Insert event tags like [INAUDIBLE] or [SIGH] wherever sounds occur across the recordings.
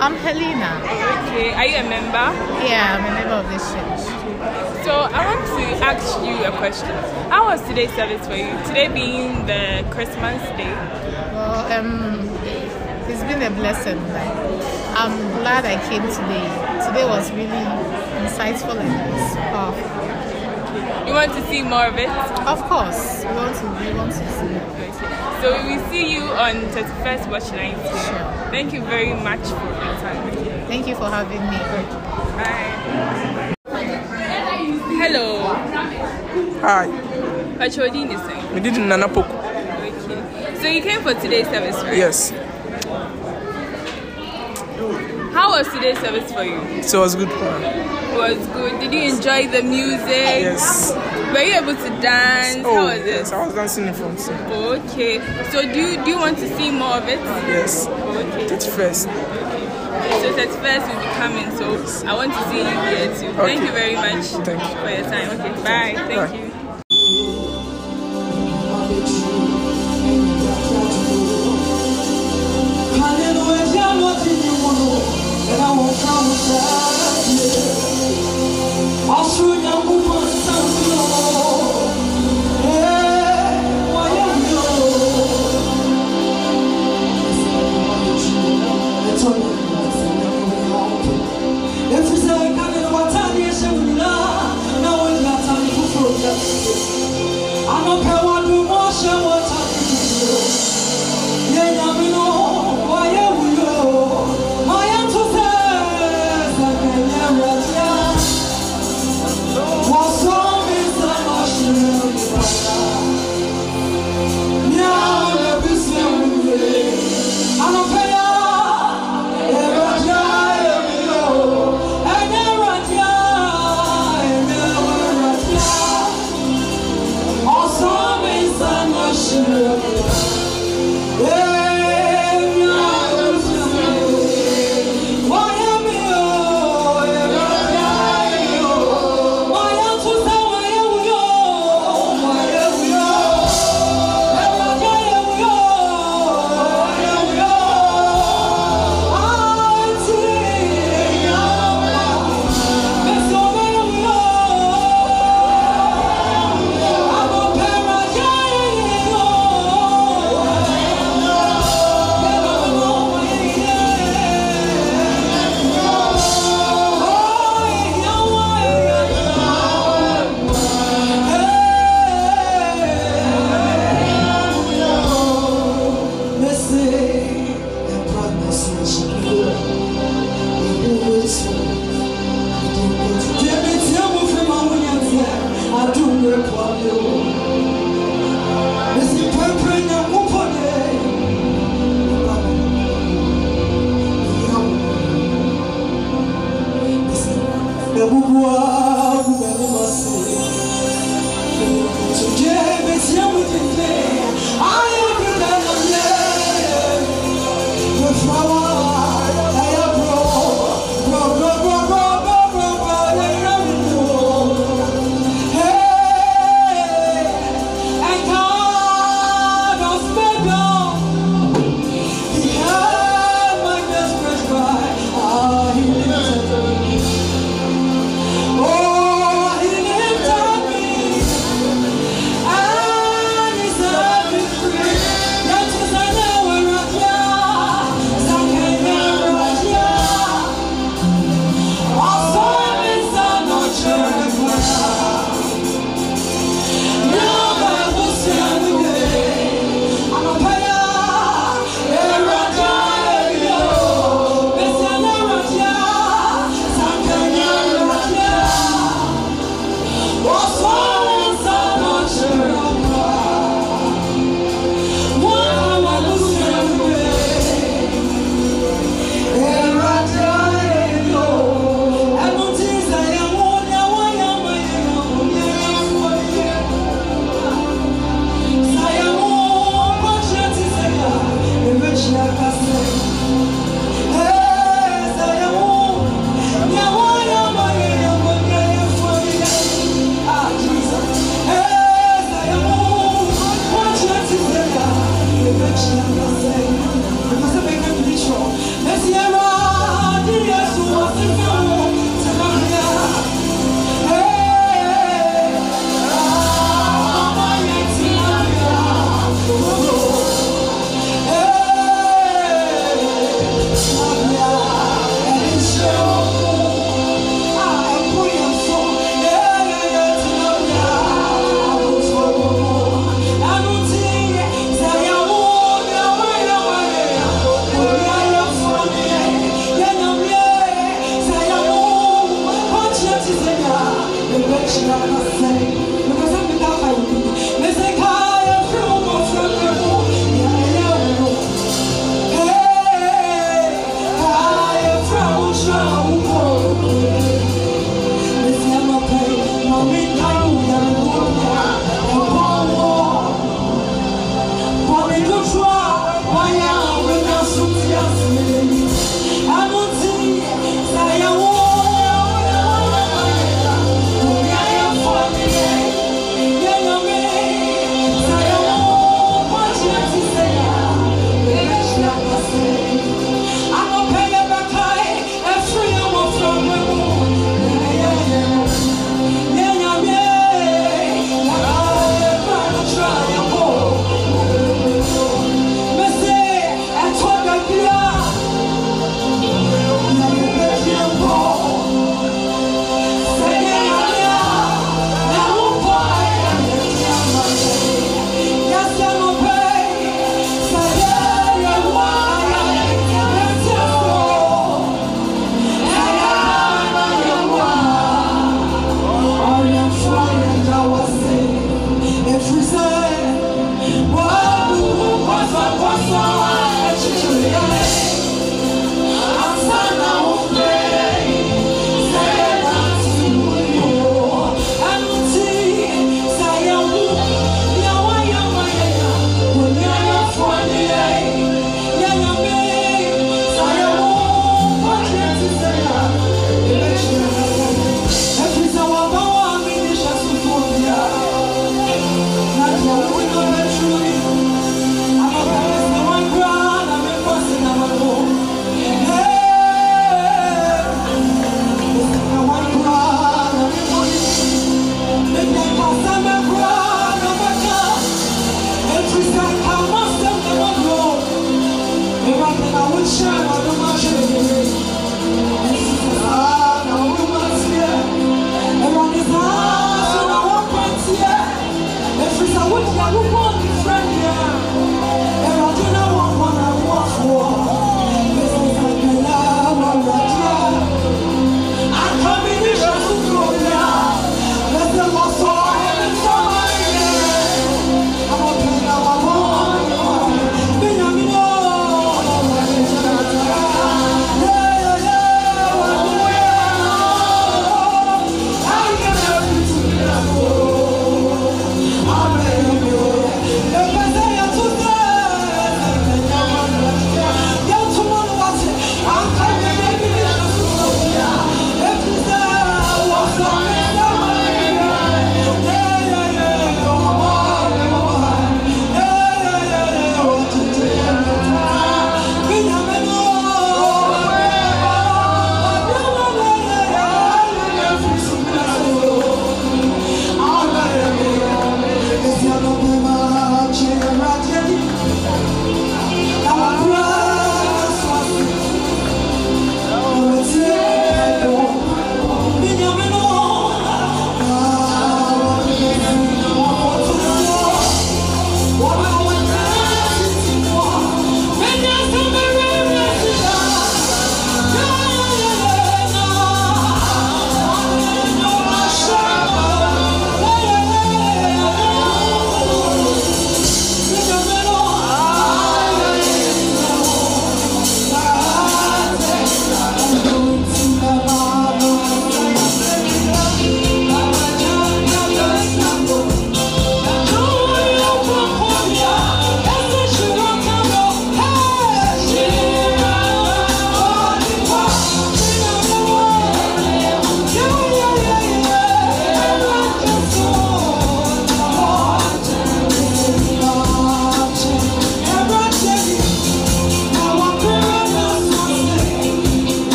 I'm Helena. Okay, are you a member? Yeah, I'm a member of this church. So I want to ask you a question. How was today's service for you? Today being the Christmas day. Well, um, it's been a blessing. Like, I'm glad I came today. Today was really insightful and powerful. You want to see more of it? Of course. We want to. We want to see. More. Okay. So we will see you on 31st Watch 19. Sure. Thank you very much for your time. Thank you for having me. Bye. Hello. Hi. What you doing this thing? We did Nana Poku. Okay. So you came for today's service, right? Yes. How was today's service for you? So it was good. It was good. Did you enjoy the music? Yes. Were you able to dance? Oh, How was yes, it? I was dancing in front. Okay. So do you, do you want to see more of it? Yes okay. 31st. Okay, so we will be coming, so I want to see you here too. Okay. Thank you very much Thank you. for your time. Okay, bye. Thank, you. I'll you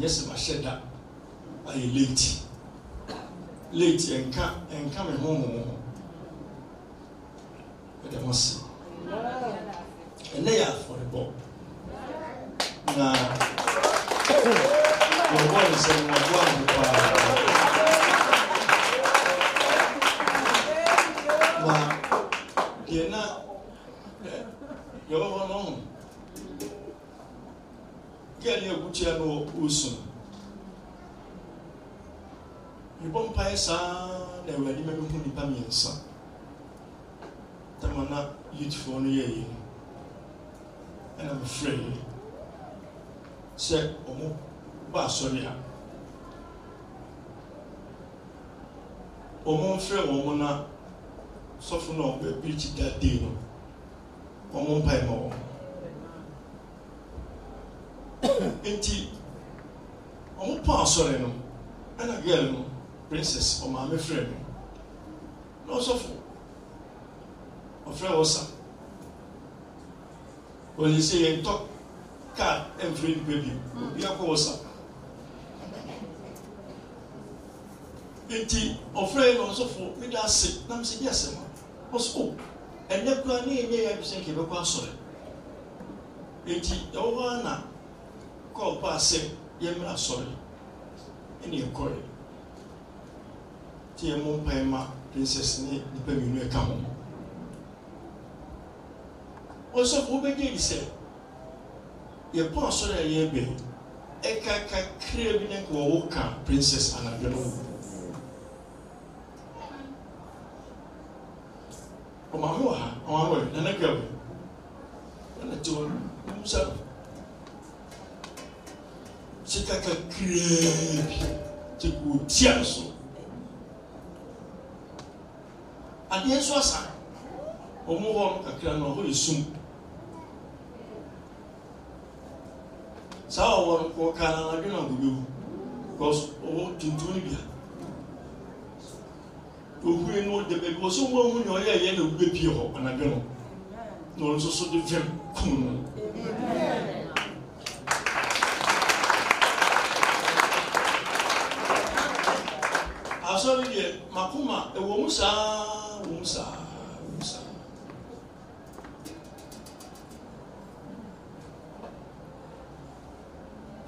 nyɛ sɛ mahyɛ da ayɛ late late ɛnka ɛnka me ho ho ho ɛdɛ ho se ɛnɛ yɛ afɔrebɔ na wɔbɔ nsɛm wɔboa mo paa na deɛ na yɛwɔ hɔ no ho girl yɛ bukyia no ɔsum mebɔ mpaeɛ saa na awurade ma mehu nnipa mmiɛnsa tama na youthfoɔ no yɛɛ yi no ɛna mefrɛ yi sɛ ɔmo ba asɔre a ɔmo mfrɛ wɔn na sɔfo na ɔbɛ pirikyi da dee no ɔmo mpaeɛ ma wɔn [COUGHS] nti wɔn pɔn asɔre no ɛna girl no princess ɔmaame frɛ no na ɔsɔfo ɔfrɛ wɔ sa wɔn sɛ yɛn tɔ kaa ɛnfiri nipa bi hmm. obi akɔ wɔ sa nti ɔfrɛ yi na ɔsɔfo mi da ase na mi sɛ bi asɛm a ɔsɔ o oh, ɛnɛ kura ne yɛ nyɛ yɛ abisɛn kɛmɛ kɔ asɔre nti ɛwɔ hɔ ana kɔɔ paa sɛ yɛmmra asɔre ɛne ɛkɔre nti yɛmmɔ mpae ma princess ne nipa mmienu ɛka ho ɔsɔfo wobɛgye di sɛ yɛpɔ asɔre a yɛn bɛn ɛka kakra bi ne ka wɔwɔ ka princess anadwo no wɔ ɔmaame wɔ ha ɔmaame wɔ ha nana kɛ wɔ nana te wɔ no musa no kye kakrakraa bi kye kò tia no so adeɛ nso asa wɔn wɔ kakra no ɔhɔ yɛ saa ɔwɔ no wɔka na adwene na ɔbɛwu because ɔwɔ tuntum bia ohuri no de baabi wɔsɔ wɔn ho nea ɔyɛ yɛ na ɔbɛpie hɔ anadwo no na ɔno nso so de fɛm kum no. asɔre deɛ makoma ɛwɔ mu saa wɔ mu saa wɔ mu saa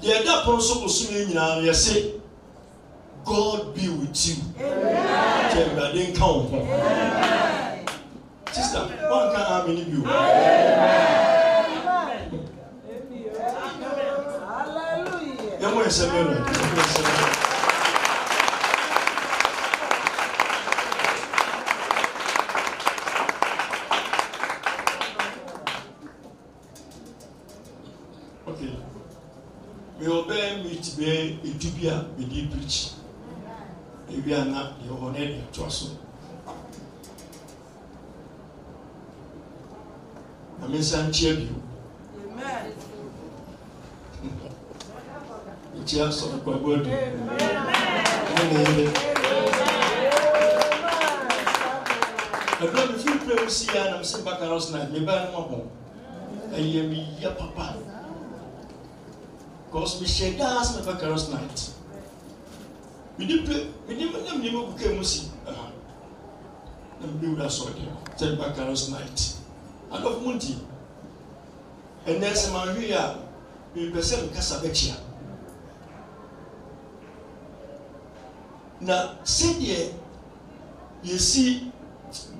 deɛ ɛda pono so bosom yi nyinaa yɛse god be with you kyɛ awurade nka wo ho sista wanka amene bio yɛmɔ ɛsɛ bɛ no ɛsɛ bɛ no bi a mede preach ewia na deɛ ɔwɔ no ɛde atoa so na me nsa nkyea bio mekyea sɔfokwago adu ɛneɛdɛ ɛberɛ mefiri prɛ mu si a na mesɛ bakaros night mebaa no mabɔ ɛyɛ meya papa because me hyɛ daa sɛ mefa carol night mede pe mede nam nneɛma kuka mu si aha na mede wura sɔɔdeɛ sɛ mefa carol night adɔfo mu nti ɛnɛ sɛ manhwee a mepɛ sɛ mekasa bɛkyia na sɛdeɛ yɛsi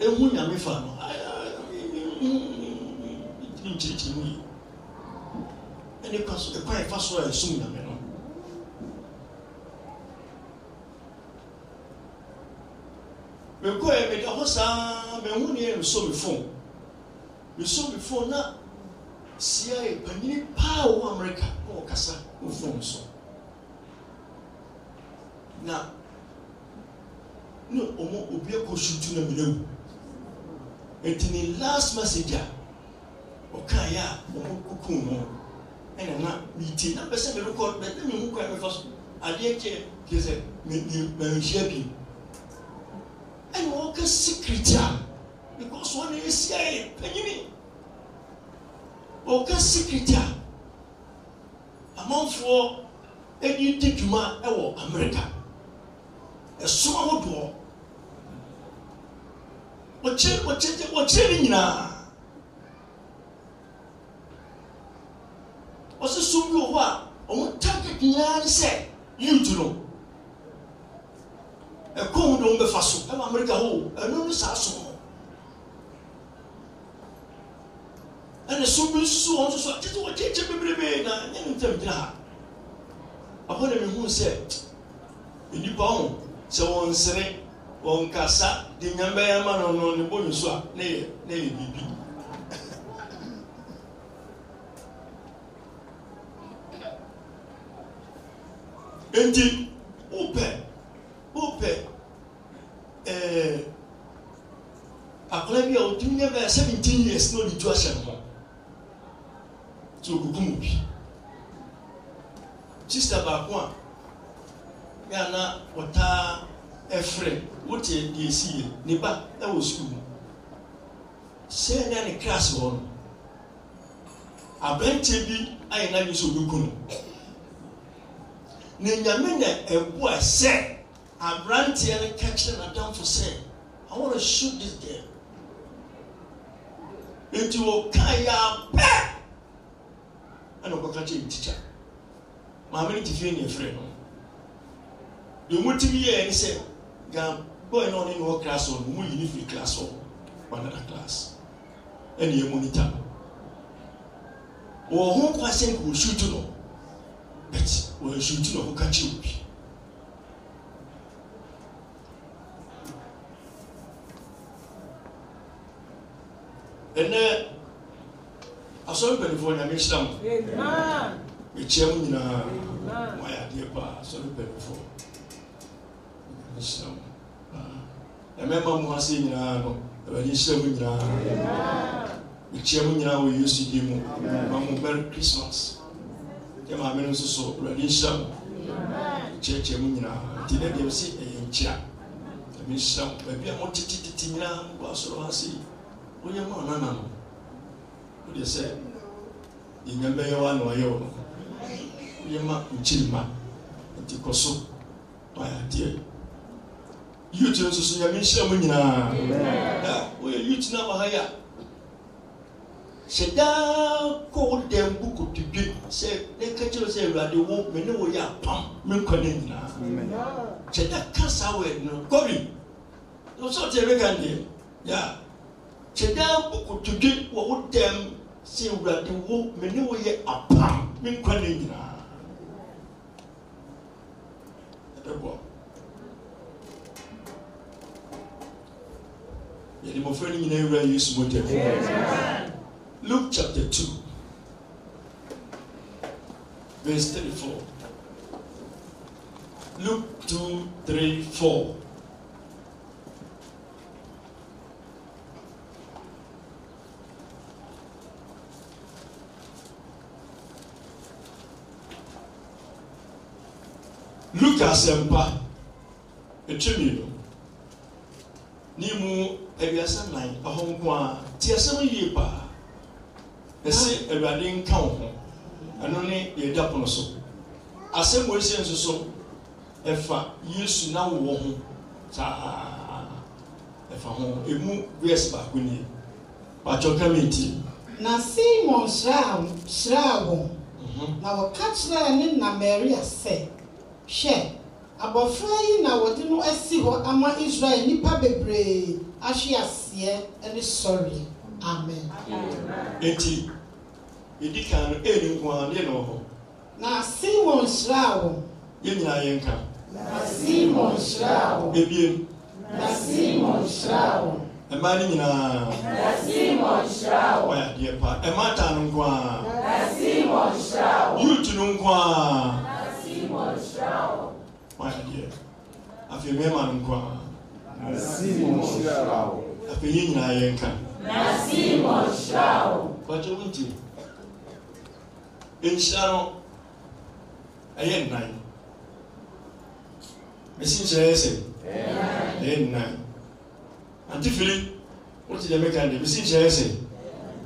ehu nyame fa no nkyirikyiri mu yi ne ka so ɛkwan ɛfa so a ɛsum nyame no mekɔɛ meda hɔ saa mahu neɛ mesɔ me fon mesɔ me fon na sia yɛ panyini paa wɔ amerika na wɔkasa wo fon so na ne ɔmo obi akɔ sutu na mene wu ɛnti ne last message a ɔkaeɛ a ɔmo kukum no ɛna na mete na pɛ sɛ mede kɔ bɛde me ho kɔ mefa so adeɛ kyɛ kyɛ sɛ manhyia bi ɛna wɔka secret a because wɔne ɛsia yɛ panyini wɔka secret a amanfoɔ ɛde di dwuma ɛwɔ amerika ɛsom ahodoɔ wɔkyerɛ wɔkyerɛ wɔkyerɛ ne nyinaa wɔsi so bi wɔ hɔ a wɔn target nyinaa ne sɛ youth no ɛkɔn de wɔn bɛfa so ɛwɔ amerika hɔ ɛno ne saa so no ɛna so bi nso wɔn nso so tete wɔ kyekyɛ bebrebe na ɛnyɛ ne ntɛm gyina ha ɛhɔ na mehu sɛ nnipa ho sɛ wɔn nsere wɔn kasa di nyambɛyɛ ama na no ne bɔ ne so a ne yɛ ne yɛ biribi. nti wopɛ wopɛ ɛɛ eh, akwadaa bi a ɔdi nyɛ bɛyɛ seventeen years na ɔdi tu ahyɛ ne ho nti okuku mu bi sista baako a yɛ ana ɔtaa ɛfrɛ wote deɛ esi yɛ ne ba ɛwɔ sukuu sɛɛ na ne class wɔ no abɛnteɛ bi ayɛ n'adwi sɛ na nyame na ɛbu a sɛ aberanteɛ no ka kyerɛ n'adamfo sɛ i want to shoot this girl nti ɔka yɛ abɛ ɛna ɔkɔka kyerɛ ne tikya maame no ti fie ne efirɛ no deɛ wɔn ti bi yɛ ɛni sɛ gan bɔɔl na ɔne ne wɔ class hɔ no wɔn yi ne firi class hɔ wanada class ɛna ɛmu ne ta wɔn ho kwasɛn kò shoot no but wɔn nsuo ti na ɔkɔ kakyɛ obi ɛnɛ asɔre mpanyinfoɔ nyame hyira mu mekyia mu nyinaa wɔayɛ adeɛ paa asɔre mpanyinfoɔ nyame hyira mu ɛmɛma mu ase nyinaa no ɛwɛde hyira mu nyinaa mekyia mu nyinaa wɔ yesu din mu ma mo merry christmas. Amen yɛ maame no nso so awurade nhyira mo kyerɛkyerɛ mu nyinaa nti ne deɛ sɛ ɛyɛ nkyia ɛme nhyira mo baabi a motetetete nyinaa mobɔ asoro ha se woyɛ ma ɔnana no wodeɛ sɛ yɛnyambɛyɛ wa na ɔyɛ wo no woyɛ ma nkyirima nti kɔ so ɔyɛ youth nso so nyame nhyira mo nyinaa woyɛ youth na wɔ ha yɛ a hyɛdaa kɔ dem buku bu kotodwe sɛ ne ka kyerɛ sɛ awurade wo me ne wo yɛ apam me nkwa no nyinaa hyɛda ka saa wɔ no kɔri no sɛ ɔte ɛbɛka ndeɛ ya hyɛdaa buku kotodwe wɔ wo dan sɛ awurade wo me ne wo yɛ apam me nkwa no nyinaa ɛbɛboa yɛde mmɔfra no nyinaa awura yesu mɔtɛm Luke chapter 2, verse 34. Luke 2, 3, 4. Luke asɛmpa ɛtwemi no ne mu awiasa nan ɛhɔ nko a te asɛm yie paa ɛsɛ awurade nka wo ho ɛno ne yɛdi apono so asɛm wɔ esi nso so ɛfa yesu na wowɔ ho saa ɛfa ho emu verse baako nie batwɔ kama eti. na simon hyiraa wɔn mhm. na wɔka kyerɛɛ ne na maria sɛ hwɛ abɔfra yi na wɔde no asi hɔ ama israel nipa bebree ahwe aseɛ ne sɔreɛ amen nti edi kan no ɛyɛ nko a ne na ɔhɔ na simon hyira wɔn yɛn nyinaa yɛn ka na simon hyira wɔn ebien na simon hyira wɔn mmaa no nyinaa na simon hyira wɔn ɔyɛ adeɛ pa mmaa ta no nko a na simon hyira wɔn yuut no nko a na simon hyira wɔn ɔyɛ adeɛ afei mmarima no nko a na simon hyira wɔn afei yɛn nyinaa yɛn ka. Nasimo Shao. Kwacho winti. Enshano. Aye nine. Mesin chese. Aye nine. Anti Philip. What did I make and mesin chese?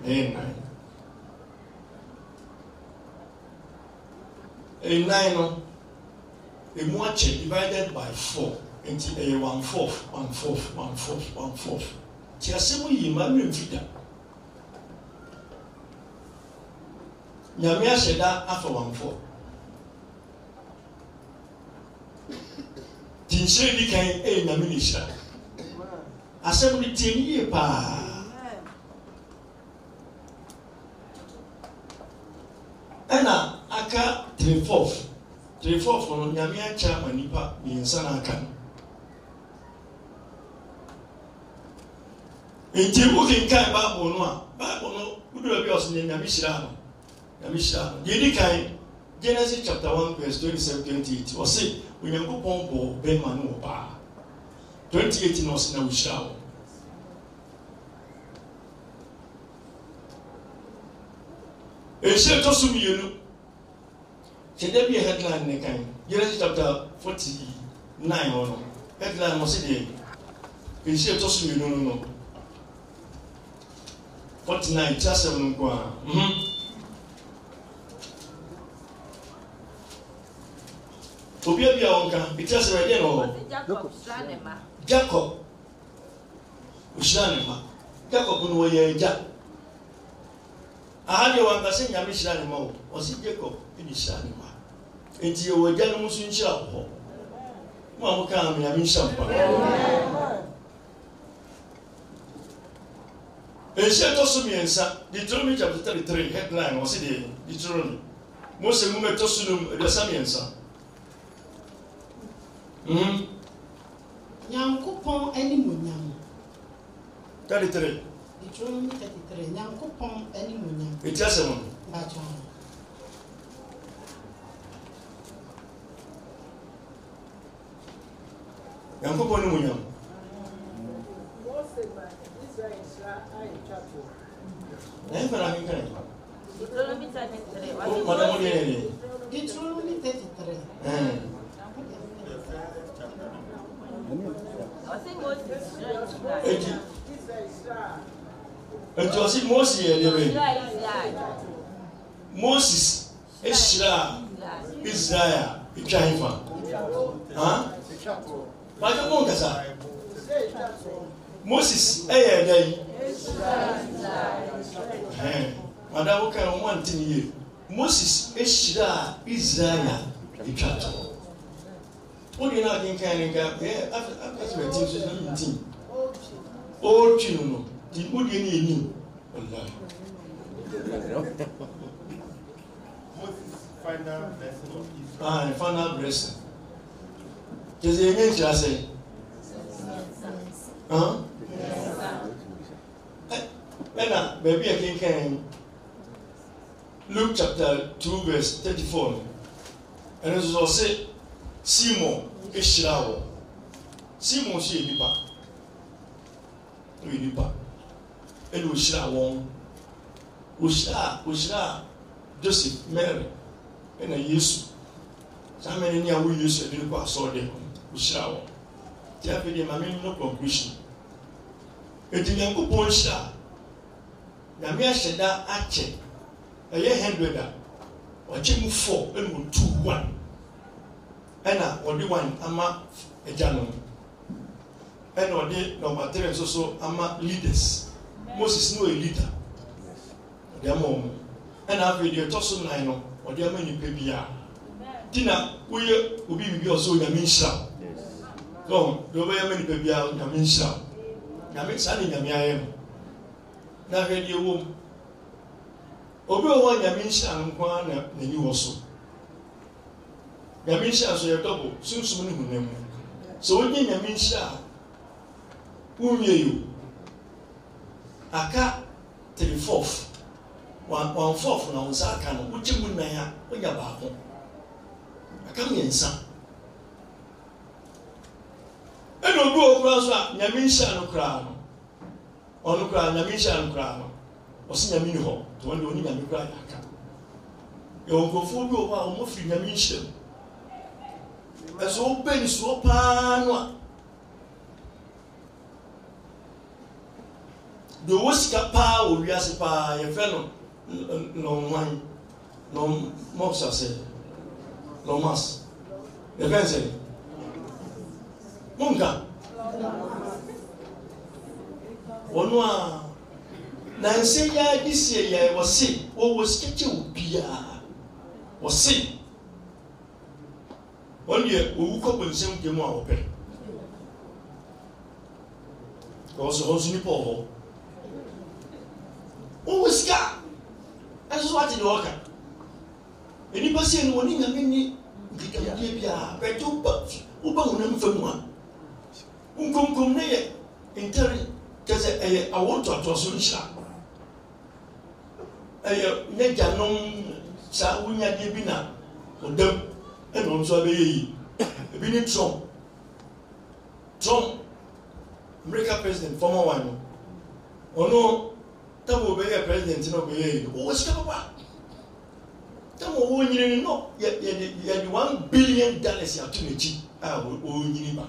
Aye nine. Aye nine no. Emu ache divided by four. Nti ɛyɛ one fourth one fourth one fourth one fourth kyerɛsɛm yi ma mmerɛ mfi da nyame ahyɛ da afa wɔnfoɔ tinhyire di kan ɛyɛ eh, nyame ne hyira asɛm no tie no yie paa ɛna aka three fourth three fourth no nyame akyerɛ ma nipa mmiɛnsa na aka no nti wokenkan bible no a bible no wodura bi ɔso nyame hyira no nyame hyira no deɛ di kan genesis chapter one verse twenty seven twenty eight ɔse onyankopɔn bɔ bɛrima no wɔ baa twenty eight na ɔse na wohyira wɔ ɛhyɛ ɛtɔ so mmienu hyɛ bi yɛ headline ne kan genesis chapter forty nine hɔ no headline ɔse deɛ ɛhyɛ ɛtɔ so mmienu no no forty nine tí a sẹ́wọ̀n nù kọ́ a. obi ebi a wọn ka eti asẹrẹ ẹdí ẹ na ọwọ jacob ohyira ne ma jacob no wọ yẹ ẹja aha deɛ wankasa nyame hyira ne ma o ɔsi jacob ɛna hyira ne ma eti ɛwɔ ɛja no mu nso nhyira wɔ hɔ mo a mo ka nyame nhyira mpa. ɛhyɛ tɔ so mmiɛnsa deuteronomy chapter thirty three headline wɔsi deɛ deuteronomy mose mu mɛtɔ so nom aduasa mmiɛnsa mhm. nyankopɔn animonyam thirty three deuteronomy thirty three nyankopɔn animonyam eti asɛm no bàtɔ nyankopɔn animonyam. Ẹ fẹ́ra mi fẹ́ra mi. Deuteronomy thirty three. Ọ̀dọ́ mo lè rè. Deuteronomy thirty three. Ọ̀sìn Moses ṣe ìtura. Èjì. Èjì ọ̀sìn Moses yẹn lè rè. Moses ehyira Israel etwa ifa. Bàjẹ́ mọ̀ nkasa moses ɛyɛ ɛda yi mada woka wɔn ante ne yie moses ehyira a israel etwa to wɔn nyinaa akenkan ne nka ɛyɛ akasɛ ɛti nso ɛna ne ti ɔretwi no no di wɔn deɛ ne yɛ nim ɔnna. final blessing of Israel. Ah, final blessing. Jẹ́sẹ̀ yẹn ń ṣe àṣẹ ɛna baabi I can uh, luke chapter two verse thirty four ɛno nso say, simon ehyira wɔ simon is yɛ nipa oyɛ nipa ɛna we wɔn ohyira ohyira joseph mary ɛna yesu saa mɛni ni a wo yesu ɛde ne kɔ asɔɔden ohyira wɔn tí a fi di maame no conclusion eti nyankopɔn nhyira nyame ahyɛ da akyɛ ɛyɛ hundred a ɔkye mu four ɛna otu one ɛna ɔde one ama agya no ɛna ɔde number three nso so ama leaders moses no yɛ leader ɔde ama wɔn ɛna afei deɛ ɛtɔ so nnan no ɔde ama nipa bi a ti na woyɛ obi biribi a ɔsɛ onyame nhyira dɔn deɛ ɔbɛyɛ ama nipa bi a nhyira nyame saa ne nyame ayɛ no na ahwɛ deɛ wɔ mu obi wɔ hɔ a nyame nhyira nko ara na n'ani wɔ so nyame nhyira nso yɛ dɔbɔ sunsun ne honam mu sɛ wonye nyame nhyira a wonwie yi aka three fourth one one fourth na wɔn nsa aka no wogye mu nan a wonya baako aka mmiɛnsa ɛna obi wɔ kura nso a nyame nhyia no kura no ɔno kura nyame nhyia no kura no ɔsi nyame ni hɔ to wɔn de oni nyame kura yaka yɛwɔ nkurɔfoɔ bi wɔ hɔ a wɔn firi nyame nhyia mu ɛso wɔn bɛ nsuo paa no a deɛ ɔwɔ sika paa wɔ wiase paa yɛfrɛ no nɔnwan nɔn mɔpsasɛ nɔmas yɛfrɛ nsɛm. 뭔가 wɔn a nansi yɛ adi sie yɛ wɔsi wɔwɔ sikɛkyɛ wɔ biara wɔsi wɔn deɛ owu kɔ bɔnsɛm dɛm a wɔpɛ wɔsɔ wɔn nso nipa wɔ hɔ wɔwɔ sika ɛsoso ati deɛ ɔka enipa sie no wɔn ne nyame ne nkitahodie biara bɛtɛ wɔba wɔba wɔn nam fam a nkonkom ne yɛ ntɛri kyɛsɛ ɛyɛ awontoatoaso nhyira ɛyɛ n'agyanom saa wonyadeɛ bi na ɔdam ɛna ɔno nso abɛyɛ yi ebi ne trump trump america president former one no ɔno tamu ɔbɛyɛ president na ɔbɛyɛ yi ɔwɔ sika papa tamu ɔwɔ nyini no yɛ yɛ de yɛ de one billion dollars yɛ ato n'akyi a ɔwɔ nyini ba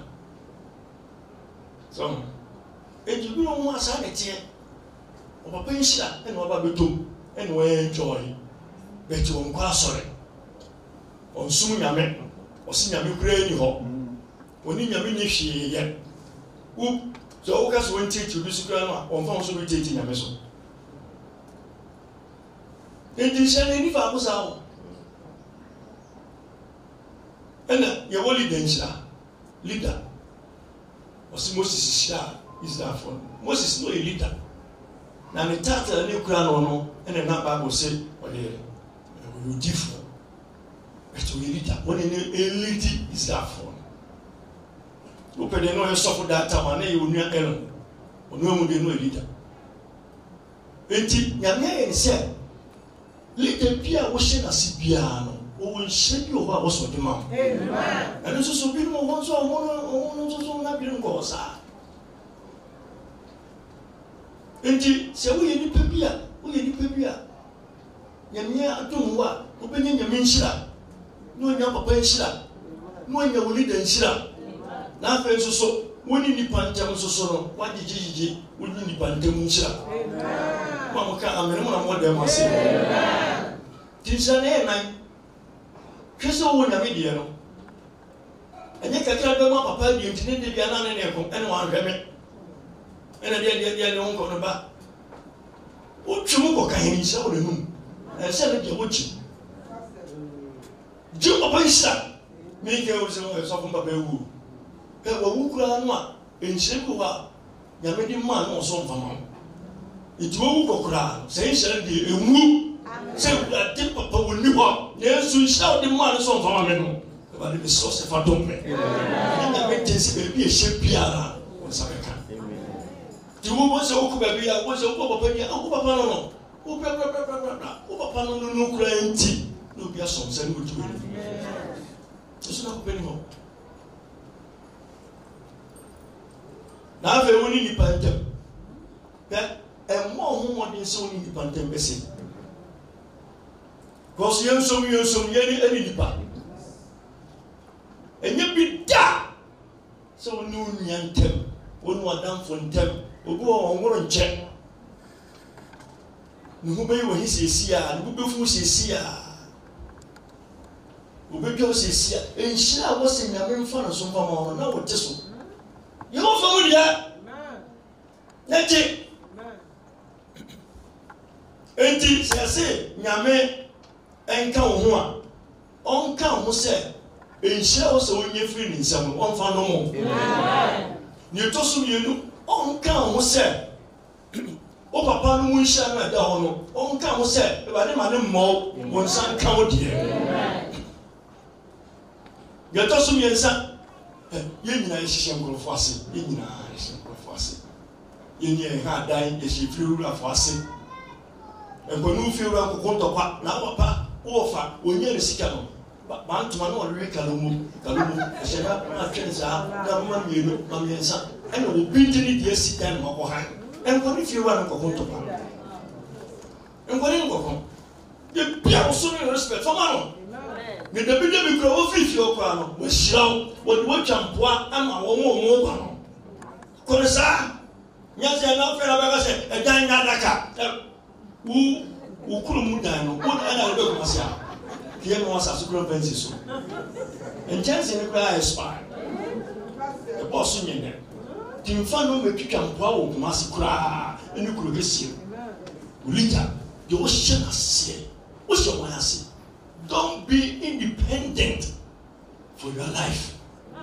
sɔn etu bi wɔn asa ne teɛ ɔpapa nhyira ɛna ɔba abɛtom ɛna ɔyɛ ntwɔɔre bɛti wɔn kɔ asɔre ɔnsum nyame ɔsi nyame kura ɛni hɔ ɔni nyame nye hwee yɛ wo sɛ ɔwoka sɛ wɔntiatia obi so kura no a ɔnfa wɔn so bɛtiatia nyame so nti hyɛ no ani faako saa wɔ ɛna yɛwɔ leader nhyira leader ɔsi moses hyia israelfoɔ no moses no yɛ leader na ne taataa ne kura no no ɛna na baabu sɛ ɔyɛ ɔyɛ odiifoɔ ɛtɛ ɔyɛ leader wɔn ne elidi israelfoɔ no wopɛ deɛ no ɔyɛ sɔfo daata ma ne yɛ onua ɛlɛn onua mu deɛ no yɛ leader eti nyamea yɛ sɛ leader bi a wɔhyɛ n'ase biara no wɔwɔ nhyɛ bi wɔ hɔ a wɔsɔ de ma wo ɛno nso so binom wɔ hɔ nso a wɔn no wɔn no nso so na binom kɔ saa nti sɛ woyɛ nipa bi a woyɛ nipa bi a nyamea adum wo a wobɛnya nyame nhyira na onya papa nhyira na onya wo leader nhyira na afei nso so woni nipa ntam nso so no wagyegyegyegye woni nipa ntam nhyira ma mo ka amene mo na mo dɛm ase ti nhyira na yɛ nan hwɛ sɛ wowɔ nyame deɛ no ɛnyɛ kakra bɛma papa aduenti ne de biana ne neɛko ɛne wanhwɛ me ɛna deɛdeɛdeɛ ne wo nkɔ no ba wotwe mu kɔ kahani sɛ wo nanum ɛɛ sɛ ne deɛ wokyi gye papa nhyira menkɛ wo sɛ sɔfo papa awu ɛ wawu koraa no a ɛnhyire bi hɔ a nyame de maa ne ɔso mfama wo ɛti wawu kɔ koraa sɛ nhyira deɛ ɛwu sɛ awurade papa wɔnni hɔ nanso nhyira wode maa no sɛ ɔmfama me no awurade mesɛ sɛ fa dom me ɛnyame gye sɛ baabi ɛhyɛ biara wo nsa bɛka nti wowɔ sɛ wokɔ baabi a wo sɛ wokɔ papa bi a wokɔ papa no no wobrɛbrɛbrɛbrɛbrɛ wo papa no no no kora nti na obi asɔm sɛ ne wɔdi wɔ ni ɛso na kopɛ ni hɔ na afei wo ne nipa ntam bɛ ɛmmɔ ho mmɔden sɛ wo ne nipa ntam bɛsɛ kɔsu yɛn nsom yɛn nsom yɛn ɛni nipa ɛnyɛ bi da sɛ wɔn ne wɔn nua ntɛm wɔn ne wɔn adamfo ntɛm obi wɔ wɔn wɔn nkyɛn ne ho bɛyi wɔn siesie a ne ho bɛfu siesie obi dwa siesie nhyira a wɔsi nyame nfa ne so nfa ma wɔn na wɔte so yɛ wɔn fam deɛ n'akyi nti sɛ ɛsɛ nyame ɛnka wo ho a ɔnka wo ho sɛ nhyira wo sɛ wonye firi ne nsɛm ɔmfa no mo neɛ ɛtɔ so mmienu ɔnka wo ho sɛ [CLEARS THROAT] wo papa no mu nhyira no ɛda hɔ no ɔnka ho sɛ ɛbade ma ne mmɔ wo nsa nka wo deɛ deɛ ɛtɔ so mmiɛnsa yɛn nyinaa yɛhyehyɛ nkurɔfoɔ ase yɛn nyinaa yɛhyɛ nkurɔfoɔ ase yɛn nyɛ ɛha adan yɛhyɛ firi wura fo ase nkɔnu firi wura koko ntɔkwa na awapa wɔfa wɔnyɛ ne sika no bantoma na ɔrewe kalomo kalomo ɛhyɛ na atwe ne saa na mma mmienu ma mmiɛnsa ɛna obi di ne deɛ si dan ma kɔ ha nkɔni fie wa ne nkɔkɔ ntɔkwa nkɔni nkɔkɔ ebi ahosuo ne respect fama no ne dabi de bi kura wofiri fie ɔkura no wɔhyira wo wɔde wɔtwa mpoa ama wɔn wɔn wɔn ba no kɔni saa nyɛ sɛ ɛna ɔfɛn na bɛka sɛ ɛdan nyɛ adaka ɛ wu wokuru mu dan no wo dan na wo bɛ kuma se a fie ma wasa sukuro fɛnsi so nkyɛnse ne koraa expire ɛbɔ so nyinɛ tinfa no ma twitwa mpoa wɔ kuma se koraa ɛne kuro kɛseɛ mu olita deɛ wohyɛ n'aseɛ wohyɛ wɔn ase don be independent for your life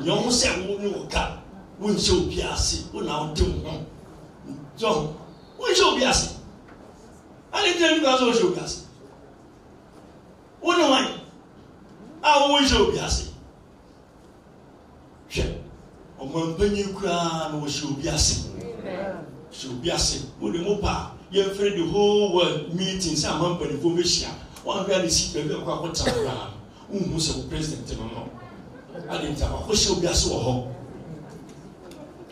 nyɛ wɔn sɛ wo ne wɔ ka wo nhyɛ obi ase wo na wo de wo ho john nhyɛ obi ase. How did you guys show gas? One on one. I always show gas. Hwɛ, ɔmo mpanyin koraa na wɔhyɛ obi ase. Hyɛ obi ase. Wɔde mu paa, yɛmfrɛ the whole world meeting sɛ ama mpanimfoɔ bɛhyia. Wɔn ahwɛ a de si baabi akɔ akɔta koraa. Wohu sɛ wo president no no. Adi nti akɔ akɔhyɛ obi ase wɔ hɔ.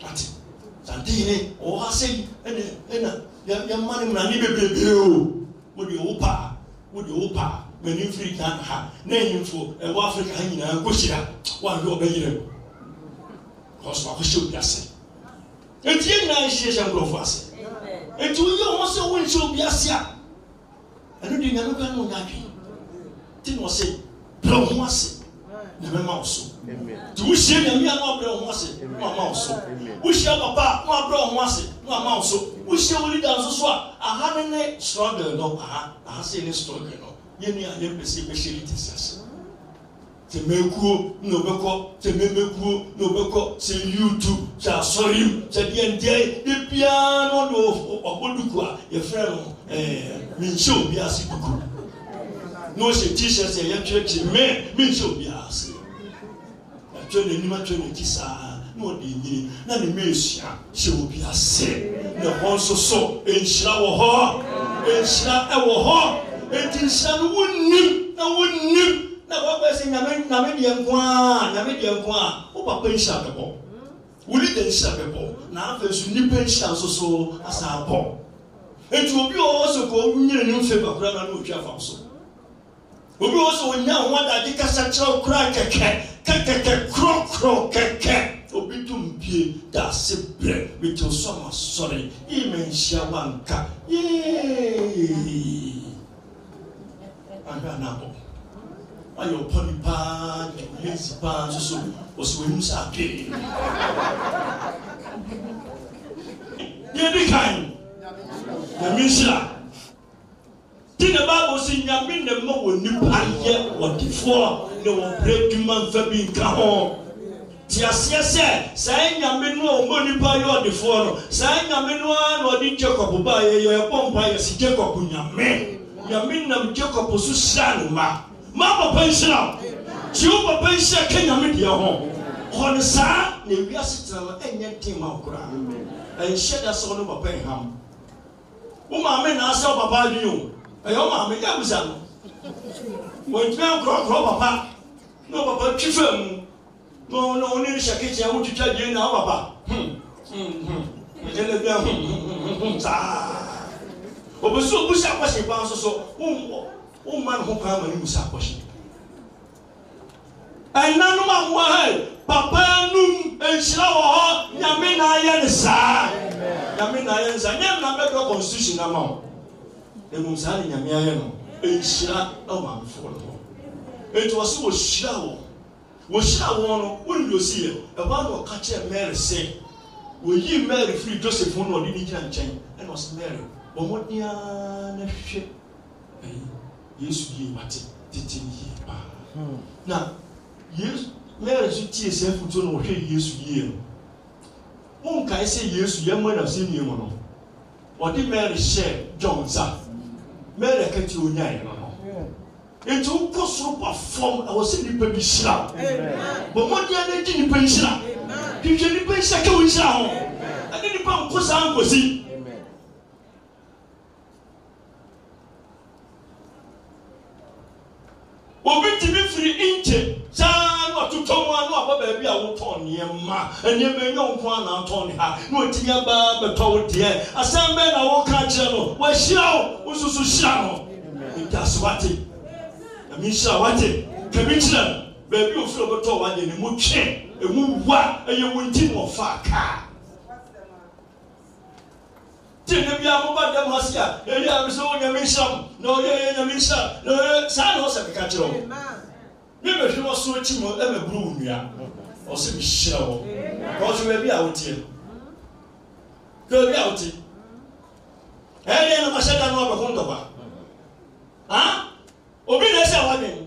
Ati, santehene, ɔwɔ ha sɛ ɛna ɛna yɛma ne mmara ne bebrebe o wode wo paa wode wo paa m'ani mfiri kan ha na anyimfo ɛwɔ afrika nyinaa nkɔhyira woanhwɛ ɔbɛyerɛ no kɔsɔ akɔhyɛ obi ase eti yɛ nyinaa nhyiahyɛ nkurɔfoɔ ase eti woyɛ wɔn sɛ wɔnhyɛ obi ase a ɛno de nyame bɛn no nyadwe ti na ɔsɛ brɛ ho ase na mɛma wo nti wohyia nyame a na wabrɛ wo ho ase na wama wo so wohyia papa a na wabrɛ wo ho ase na wama wo so wohyia wo leader nso so a aha ne ne struggle no aha aha sɛ ne struggle no yɛnua yɛmpɛ sɛ yɛbɛhyɛ leaders ase tẹmẹkuo na ọbẹkọ tẹmẹmẹkuo na ọbẹkọ sẹ yuutu sẹ asọrim sẹ diẹndiẹ de biara na ọdọ ọbọ duku a yẹfrẹ no ẹẹ mi nhyɛ obi ase duku na ɔhyɛ t-shirt yɛ yɛtwerɛ kyi mɛ mi nhyɛ obi ase twɛ n'anim atwɛ n'akyi saa na ɔde nyini na ne mmesua hyɛ obi ase na ɛhɔ nso so nhyira wɔ hɔ nhyira ɛwɔ hɔ eti nhyira no wonnim na wonnim na wɔbɛ sɛ nyame nyame deɛ nko a nyame deɛ nko a wo papa nhyira bɛbɔ wo ne deɛ nhyira bɛbɔ na afɛ so nipa nhyira nso so asa abɔ etu obi a ɔwɔ so ko nyere ne nfe bakura na na otwa fam so obi a ɔwɔ so onya ahoɔdade kasa kyerɛw kura kɛkɛ kɛkɛkɛ korɔkorɔ kɛkɛ obi dum pie daase brɛ wetu so ama sɔre yii ma nhyia wa nka yeee ahwɛ anabɔ ayɛ ɔpɔni paa lezi paa nso so ɔsɛ wɔn mu kan nyame nhyira ti na baabu si nyame na ma wɔ nipa yɛ wɔdifoɔ ne wɔn bere dwuma nfa bi nka ho te aseɛ sɛ saa nyame no a ɔmɔ nipa yɛ ɔdefoɔ no saa nyame no ara na ɔde jacob baa yɛ yɛ ɛbɔ mpa yɛ si jacob nyame nyame nam jacob so hyira ne ma ma papa nhyira tí o papa nhyira ka nyame deɛ ho ɔne saa na ewiase tena no ɛnyɛ den ma koraa ɛnhyɛ da sɛ ɔno papa nham wo maame na asɛ wo papa adwene o ɛyɛ wo maame yɛ abusa no wɔntumi ankorɔkorɔ papa na ɔpapa twi fam na ɔna ɔne ne hyɛ kekye ɛho twitwa die na ɔpapa ɛgyɛnɛ bi a saa ɔbɛ so obusa akɔhyɛ kwan so so wɔmmɔ wɔmma ne ho kwan ma ne busa akɔhyɛ ɛnanom a wɔwɔ ha papa num nhyira wɔ hɔ nyame na ayɛ ne saa nyame na ayɛ ne saa nyɛ na bɛdɔ constitution ama wo ɛmu saa ne nyame ayɛ no nhyira ɛwɔ amfoɔ no nti wɔ sɛ wɔhyira wɔn wɔhyira wɔn no wɔn nyɛ osi yɛ ɛhɔ ano ɔka kyerɛ mary sɛ wɔyi mary firi joseph ho na ɔde ne gyina nkyɛn ɛna ɔsɛ mary wɔn mo deaa na hwɛ ɛyi yesu yie wate tete ne yie paa na yesu mary nso tie sɛ afutuo na wɔhwɛ yesu yie no wɔn nkae sɛ yesu yɛn mo ɛnam sɛ nneɛma no wɔde mary hyɛ john nsa mary akɛtɛ onyaa yɛ no nti wokɔ soro ba fam ɛwɔ sɛ nipa bi hyira bɔ mmɔdeɛ no gye nipa nhyira hwehwɛ nipa nhyira kɛ wo nhyira ho ɛne nipa nkɔ saa nkɔsi obi tìmi firi nkye saa na ɔtotɔ mu a na ɔbɔ baabi a wotɔn nneɛma nneɛma enyo nko a n'atɔn ne ha na otimi aba bɛtɔ wo deɛ asɛn bɛɛ na wɔka kyerɛ no wɔahyira wo wososo hyira no nti asowate nyame nhyira wagye kame kyerɛ baabi ofiri a ɔbɛtɔ wagye ne mu twe emu wa ɛyɛ wɔn ti na ɔfa kaa tí ne bia mo ba dɛm ase a eyi a sɛ o nyame nhyira mu na ɔyɛ ɛyɛ nyame nhyira na ɔyɛ saa na ɔsɛ keka kyerɛ o ne bɛ hwɛ ɔso akyi mu ɛmɛ buru wo nua ɔsɛ mi hyira wɔ ɔsɛ baabi a wotie baabi a wotie ɛyɛ deɛ na ma hyɛ da na ɔbɛko ntɔkwa ah obi na ɛsɛ awa nɛm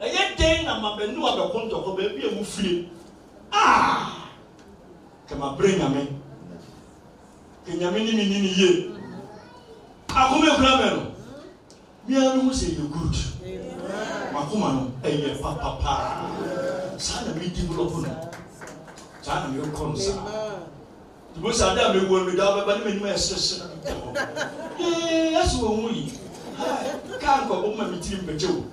ɛyɛ den na mabɛnu abɛko ntɔkɔ baabi a wofie aa ah! kama bere nyame ke nyame ne mi ni ne yie akoma ekura mɛ no mia no ho sɛ yɛ good makoma no ɛyɛ papapa saa na mi develop no saa na mi kɔ no saa tìbó sáadé àmì ewu ọ̀nà ìdáwọ́ bẹ́ẹ̀ bá ní mi ní ma ẹ̀ sẹ́sẹ́ náà ẹ̀ ẹ́ ẹ́ sọ wọ́n wọ̀nyí kan kɔ o ma mi tiri mbɛkyɛ o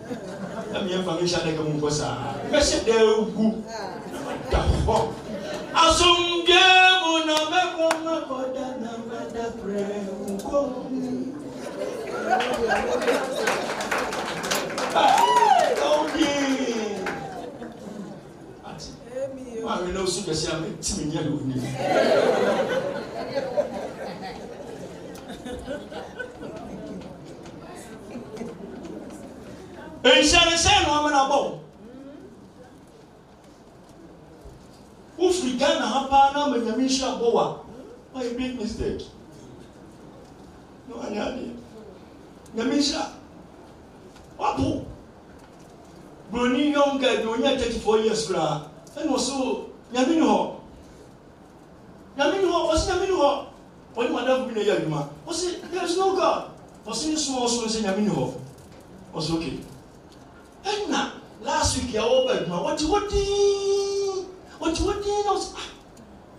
na yɛ nfa mi hyɛ adaka mu nkɔ saa mbɛhyɛ dɛ egu da hɔ asomdwe mu na mɛkɔ mɛkɔ da na mɛda pɛrɛ nkɔ maa ah, mi na osu kɛse a mɛ ti mi nyɛ lɛ ni. nhyɛnhyɛn na ɔmena bɔ wo wofiri ghana ha paa na ama nyame nhyira bɔ wo a big mistake na wanyɛ adeɛ nyame nhyira wapo buroni young guy bi onye thirty four years koraa ɛna ɔso nyame ni hɔ nyame ni hɔ ɔsi nyame ni hɔ ɔne madam bi na yɛ adwuma ɔsi there is no god ɔsi nso ɔso nso nyame ni hɔ ɔsi okay ɛna last week yɛwɔ bɛ adwuma wɔte hɔ dinn wɔte hɔ dinn na ɔsɛ ah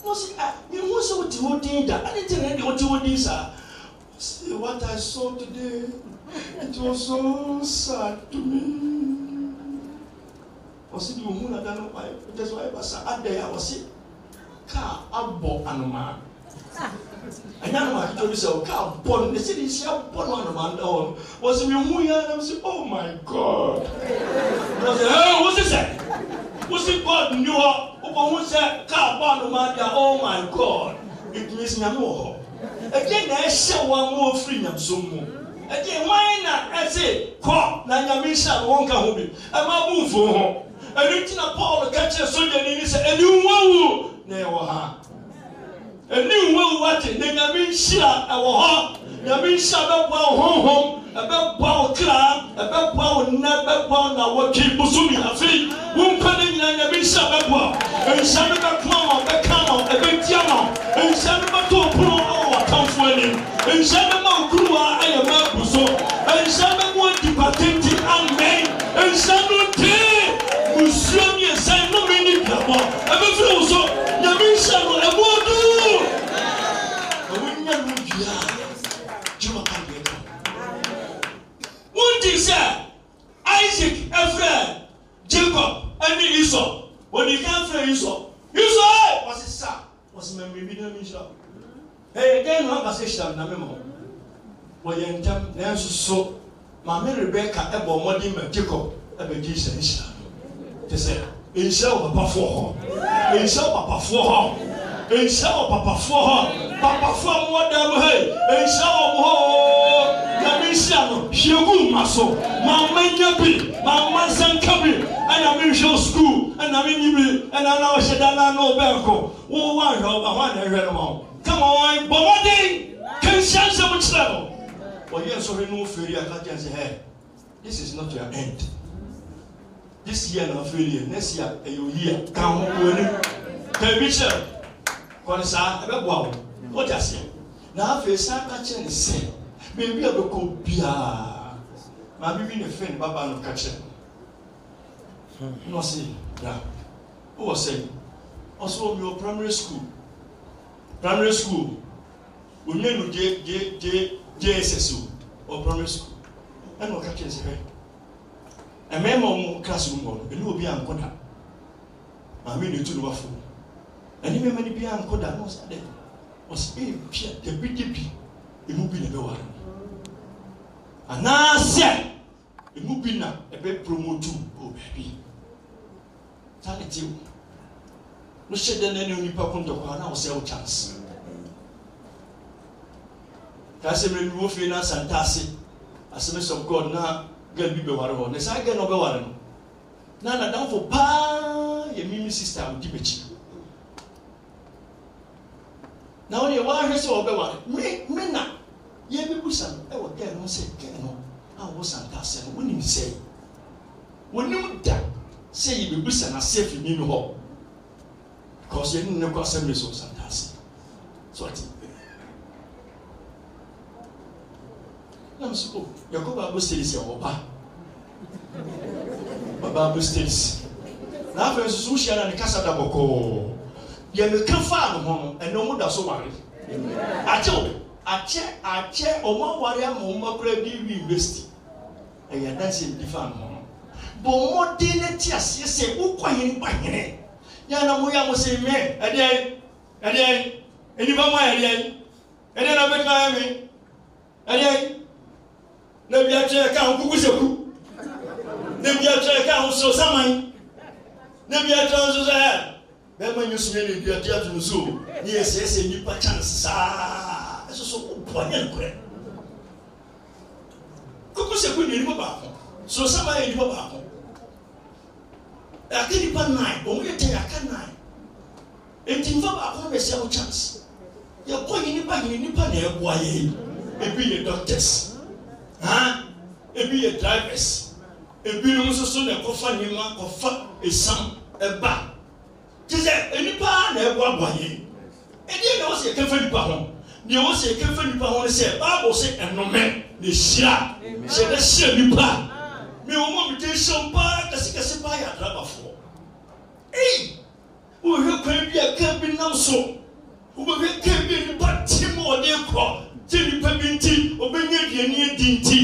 na ɔsɛ ah ehu sɛ wɔte hɔ dinn da ɛne ti na ɛde wɔte hɔ dinn saa see what I saw today it was so sad to me ɔsɛ de ohun na da no ayɛ ɛdɛ so ayɛ basa adɛ a ɔsɛ kaa abɔ anomaa ɛnyɛ anoma dɔ mi sɛ ɔka bɔ no ɛsɛ de nhyia bɔ no anoma nda hɔ wɔsi mi hu yɛ ɛnam sɛ oh my god Hey, sɛ ɛɛ wosi sɛ wosi god Up hɔ wopɔ hu sɛ kaa bɔ anoma da oh my god It means ɛtumi sɛ nyame wɔ hɔ ɛdeɛ na ɛhyɛ wɔn a wɔfiri nyamusom mu ɛdeɛ wɔn na ɛsɛ kɔ na nyame nhyɛ a wɔn ka ho bi ɛma bu nfo ho ɛnu gyina paul kɛkyɛ sojani ni sɛ ɛni wɔn wu na ɛwɔ ha ɛni nwa nwa te na nyame nhyira ɛwɔ hɔ nyame nhyira bɛboa wo honhom ɛbɛboa wo kra ɛbɛboa wo nna ɛbɛboa wo nawɔtwe bosomi afei wo mpɛ ne nyinaa nyame nhyira bɛboa nhyira no bɛboa agye hyɛ nhyira te sɛ nhyira wɔ papafoɔ hɔ nhyira wɔ papafoɔ hɔ nhyira wɔ papafoɔ hɔ papafoɔ a wɔwɔ dan mu hei nhyira wɔ mo hɔ nyame nhyira no hwie gu ma so ma ma nya bi ma ma nsa nka bi ɛna menhwɛ sukuu ɛna menyi bi ɛna na wɔhyɛ dan na na wɔbɛnko wɔn wɔahwɛ ɔba hɔ a na ɛhwɛ no ma wo kama wɔn bɔ wɔden kɛnhyia nsɛm kyerɛ no wɔyɛ nsɔhwɛ no fɛri a ka kyɛn sɛ hɛ this is not your end this year na failure next year ɛyɛ oyi a ka ho wɔ anim television kɔni saa ɛbɛ bɔ awo o ti aseɛ na afei san ka kyerɛ ne sɛ beebi a bɛ kɔ biara maame bi ne fɛn ne ba no ka kyerɛ ɛna ɔsi da o wɔ sɛ ɔsɛ omi wɔ primary school primary school onye nu je je je je ss o wɔ primary school ɛna ɔka kyerɛ sɛ bɛyɛ mmarima wɔn classroom hɔ no ɛnu obi ankɔ da maame na etu no wafo ɛne mmarima no bi ankɔ da na ɔsɛ dɛ ɔsɛ ɛyɛ bia dabi dabi emu bi na ɛbɛ ware anaasɛ emu bi na ɛbɛ promote wɔ baabi taale ti wo no hyɛ dɛ na ɛne nipa ko ntɔkwa na ɔsɛ ɛwɔ chance kaa sɛ mmerɛ bi wɔ fie na asante ase asɛmɛ sɔ god na girl bi bɛware hɔ na saa girl na ɔbɛware no na nadamfo paa yɛ mimi sister a ɔdi m'akyi na wɔn deɛ wɔahwɛ sɛ ɔbɛware me me na yɛbɛbusa no ɛwɔ girl no sɛ girl no a wɔwɔ santa asɛ no wɔnim sɛ wɔnim da sɛ yɛbɛbusa no asɛ fini no hɔ because yɛne ne kɔ asɛm ne so santa asɛ so nam so o oh, yakob apostelis yɛ ɔba baba apostelis na afei nso so wohyia na ne kasa da bɔkɔɔ deɛ meka faa no ho no ɛnɛ ɔmo da so ware oh, akyɛw akyɛ akyɛ ɔmo aware ama ɔmo akora e bi wi westi ɛyɛ adansi bi faa no ho no bɔn ɔmo de ne ti aseɛ sɛ wokɔ hene ba hene yɛn na mo yɛ mo sɛ mɛ ɛdeɛ ɛdeɛ nipa mo ayɛ ɛdeɛ ɛdeɛ na bɛtuma ayɛ mi ɛdeɛ na bi akyerɛ ka ho kuku sɛ ku na bi akyerɛ ka ho so saman na bi akyerɛ nso sɛ ɛ bɛrima nyi sumɛ na dua te ato so ne yɛ sɛɛsɛ nnipa chance saa ɛso so wobɔ nyɛ nokorɛ kuku seku ku ne nipa baako so saman yɛ nipa baako aka nipa nnan wɔn yɛ tɛ aka nnan eti nfa baako na bɛsi awo chance yɛ kɔ yi nipa yi nipa na ɛboa yɛ ebi yɛ doctors ha ebi yɛ drivers ebinom nso so na ɛkɔfa nneɛma kɔfa esam ɛba te sɛ nipa na ɛboaboa yɛ ɛdeɛ na wɔsɛ yɛkɛfa nipa ho deɛ wɔsɛ yɛkɛfa nipa ho no sɛ baabu sɛ ɛnome na ehyia hyɛ dɛ hyia nipa mi wɔn mo mi de ehyia paa kɛsekɛse paa yɛ adrabafoɔ ɛyi wɔhwɛ kwan bi a kan bi nam so wɔhwɛ kan bi a nipa ti mu wɔde kɔ gye nipa bi nti obenya aduane adi nti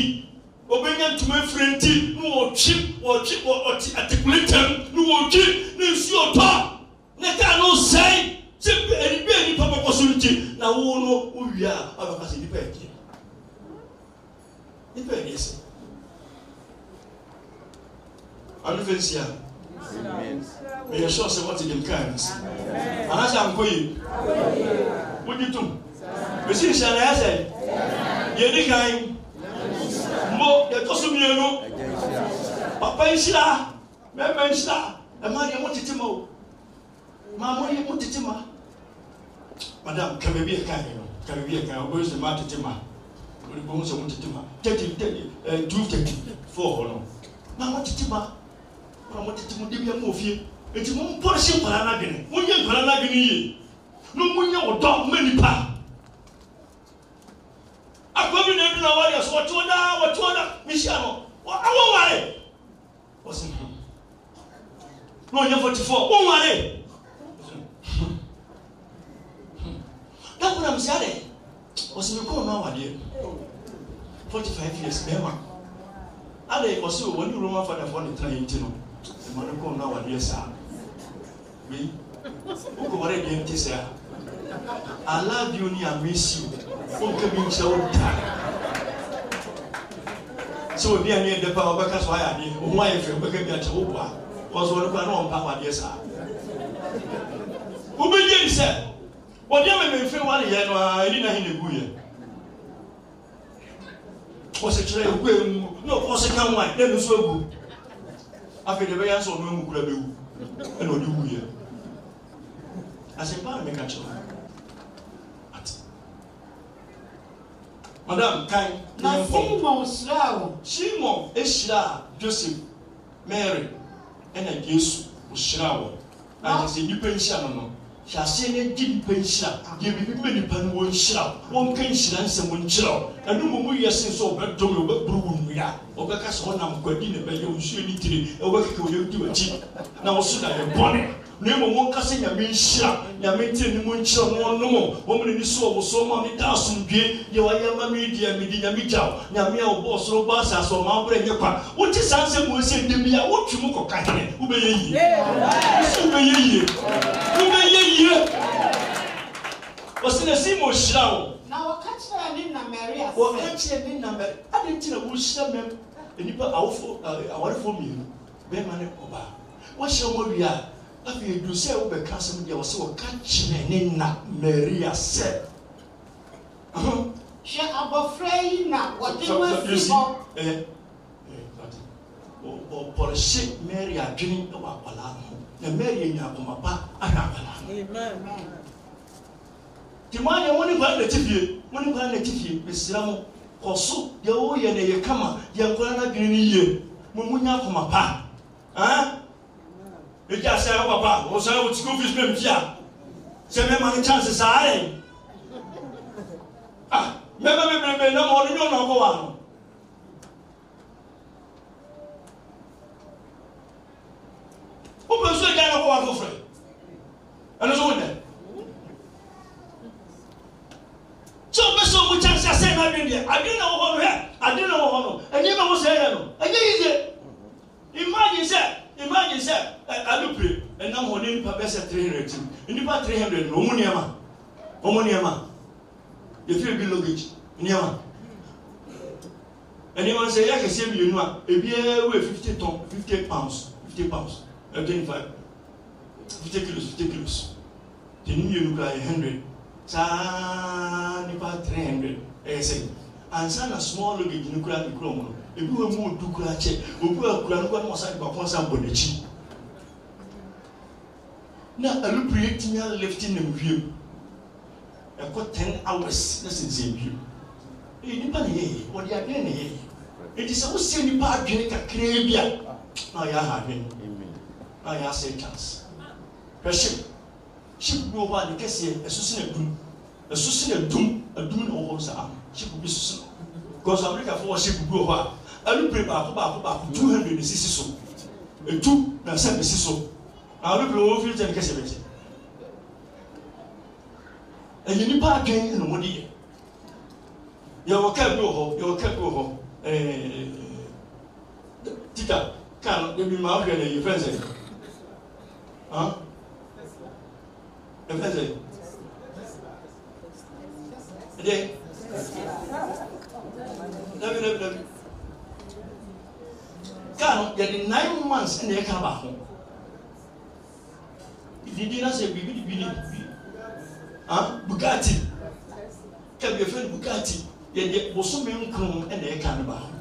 obenya ntoma afiri nti na wɔtwe wɔtwe wɔte atekuleta mu na wɔtwe na nsuo ɔtɔ na kaa no sɛe sɛ ɛnipa a nipa bɛkɔ so nti na wo no wowie a abɛka sɛ nipa ɛdeɛ nipa ɛdeɛ sɛ anofa nsi a meyɛ sure sɛ wɔte dem kaa no se anaasɛ ankɔ yi wodi tom mesi nhyɛ na yɛsɛ yɛni kan mo yɛtɔ so mmienu papa nhyira mɛma nhyira ɛma deɛ mo tete ma o maa mo yɛ mo tete ma madam kɛmɛ bi yɛ kan yɛ no kɛmɛ bi yɛ kan yɛ o bɛ sɛ maa tete ma o de bɛ mo sɛ mo tete ma thirty eh, thirty ɛɛ two thirty four hɔ no maa mo tete ma maa mo tete mo de bi yɛ mo fie eti mo mpɔrɔsi nkwadaa n'adwene mo nye nkwadaa n'adwene yie na mo nye ɔdɔ mo nipa akɔmi na ɛdun na wari ɛsɛ wɔti wɔda wɔti wɔda mihyia no wɔ awɔ wari wɔsi na ɔnyɛ forty four wɔn wari dako na misia de mi kɔn na awadeɛ forty five years bɛrima ada wɔsi wɔn ni roman fada fɔ ne tena yɛn ti no ɛma ne kɔn na awadeɛ saa bi wokɔ wari deɛ n ti sɛ a i love you ni i miss you nka bi nhyɛ wo da sɛ obi a ne yɛ dɛ pa ɔbɛka so ayɛ adeɛ ɔho ayɛ fɛ ɔbɛka bi akyɛ wo bɔ a ɔso ɔno kora na ɔmpa ho adeɛ saa wobɛgye yi sɛ wɔde amamemfe wa ne yɛ no a ɛni na he na ɛgu yɛ ɔsɛ kyerɛ ɛgu ɛmu na ɔsɛ ka wan na ɛnu so agu afei deɛ ɛbɛyɛ sɛ ɔno amu kora bɛwu ɛna ɔde wu yɛ asɛmpa na meka kyerɛ madam kan na simon hyira wo simon ehyira joseph mary ɛna yesu ohyira wo na sɛ nipa nhyira no no hyɛase ne gye nipa nhyira deɛ biribi bɛ nipa no wɔn nhyira wɔn ka nhyira nsɛm wɔn nhyira wo ɛnu mu mu yɛ sen sɛ ɔbɛdɔm yɛ ɔbɛburu wɔn nua ɔbɛka sɛ ɔnam kwadi na ɛbɛyɛ nsuo ne tire ɛwɔ keke wɔn yɛ di wɔn akyi na wɔso na yɛ bɔne na emu wɔn kasa nyame nhyira nyame nti ne mu nkyerɛ mo nom wɔn mu ne so wɔ so ma mi da asomdue deɛ wayɛ ma mi di ɛmi di nyame gya o nyame a ɔbɔ ɔsoro bɔ asase ɔmo abere nye kwa wote saa nsɛm wɔn sɛ ndem yi a wotwi mu kɔka hene wobɛyɛ yie wosi wobɛyɛ yie wobɛyɛ yie wɔsi na si mo hyira o. na wɔka kyerɛ ne na mɛri ase. wɔka kyerɛ ne na mɛri adi nti na wɔhyira mɛm eh, nipa awofo eh, awarefo mmienu bɛrima ne ɔbaa wɔhyɛ wɔn awia afei edu sɛ wobɛka asɛm deɛ wɔsɛ wɔka kyerɛ ne na maria sɛ hwɛ abɔfra yi na wɔde wasi hɔ wɔbɔrɔhyɛ mary adwene wɔ akwadaa no ho na mary anya akoma pa ahwɛ akwadaa no nti mo ayɛ mo ne nkwadaa n'akyi fie mo ne nkwadaa n'akyi fie mesra mo kɔ so deɛ wɔyɛ no yɛ kama deɛ nkwadaa n'adwene no yie mo mo nya akoma pa ɛn ɛgya sɛ wo papa wo sɛ wo school fees bɛm kyia sɛ mɛma no chance "Ah, saa ɛ mɛma bebrebe na ma ɔno nyɛ ɔna ɔbɔ wa no wopɛ so ɛgya na ɔbɔ wa foforɔ ɛno so wodɛ sɛ wopɛ sɛ ɔmu chance asɛ no adwen deɛ adwen na wɔ hɔ no hɛ adwen na wɔ hɔ no ɛnyɛ ma wo sɛ ɛyɛ no ɛnyɛ yie imagine sɛ imagine sɛ alupere ɛnam hɔ ne nipa bɛsɛ three hundred ti nipa three hundred na ɔmo nneɛma ɔmo nneɛma yɛfiri bi luggage nneɛma nneɛma sɛ yɛ akɛseɛ mmienu a ebiara wɛ fifty ton fifty pounds fifty pounds eh, twenty five fifty kilos fifty kilos te ne mmienu kura yɛ hundred saa nipa three hundred ɛyɛ sɛ ansa na small luggage ne kura ne kura ɔmo no ebi wo mu odu kura kyɛ obi wa kura nukwa na ɔsan gbapɔn san bɔ n'akyi na alupiri etinya lifti na wiem ɛkɔ ten hours na sɛnsɛn wiem ee nipa na yɛ yɛ ɔde adeɛ na yɛ yɛ eti sɛ wosie nipa adwene kakraa bi a na ɔyɛ aha adwene na ɔyɛ asɛ chance hwɛ ship ship bi wɔ hɔ a ne kɛseɛ ɛso si na dum ɛso si na dum adum na ɔwɔ hɔ saa ship bi soso na gɔsɔ amerika fo wɔ ship bi wɔ hɔ a alupere baako baako baako two hundred na sisi so etu na sɛ bɛsi so na alupere wɔn firi kyɛn kɛse bɛkyɛ ɛyɛ nipa adwene na wɔn de yɛ yɛwɔ kaa bi wɔ hɔ yɛwɔ kaa bi wɔ hɔ ɛɛ tita kaa no ebi maa hwɛ na yɛ fɛn sɛ hàn ɛfɛn sɛ ɛdɛ me, let me kaa no yɛde nine months ɛna ɛka baako didi na sɛ biribi de bi ne bi ah bukati kabi efe bukati yɛde bosome nkron ɛna ɛka ne baako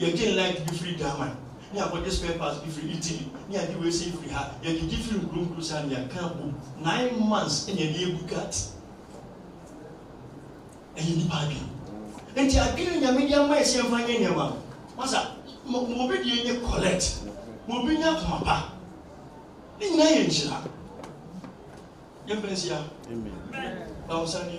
yɛgye light bi firi german ne akɔgye spare parts bi firi italy ne ade wei sɛ firi ha yɛde gye firi nkuronkuro saa ne yɛka bo nine months ɛna ɛde yɛ bukati ɛyɛ nipa bi nti adwene nyame de ama ɛsɛ mfa nyɛ nneɛma masa ma obi deɛ nyɛ correct ma obi nyɛ akomaba ne nyinaa yɛ nhyira yɛmpɛ nsia bawo sa ne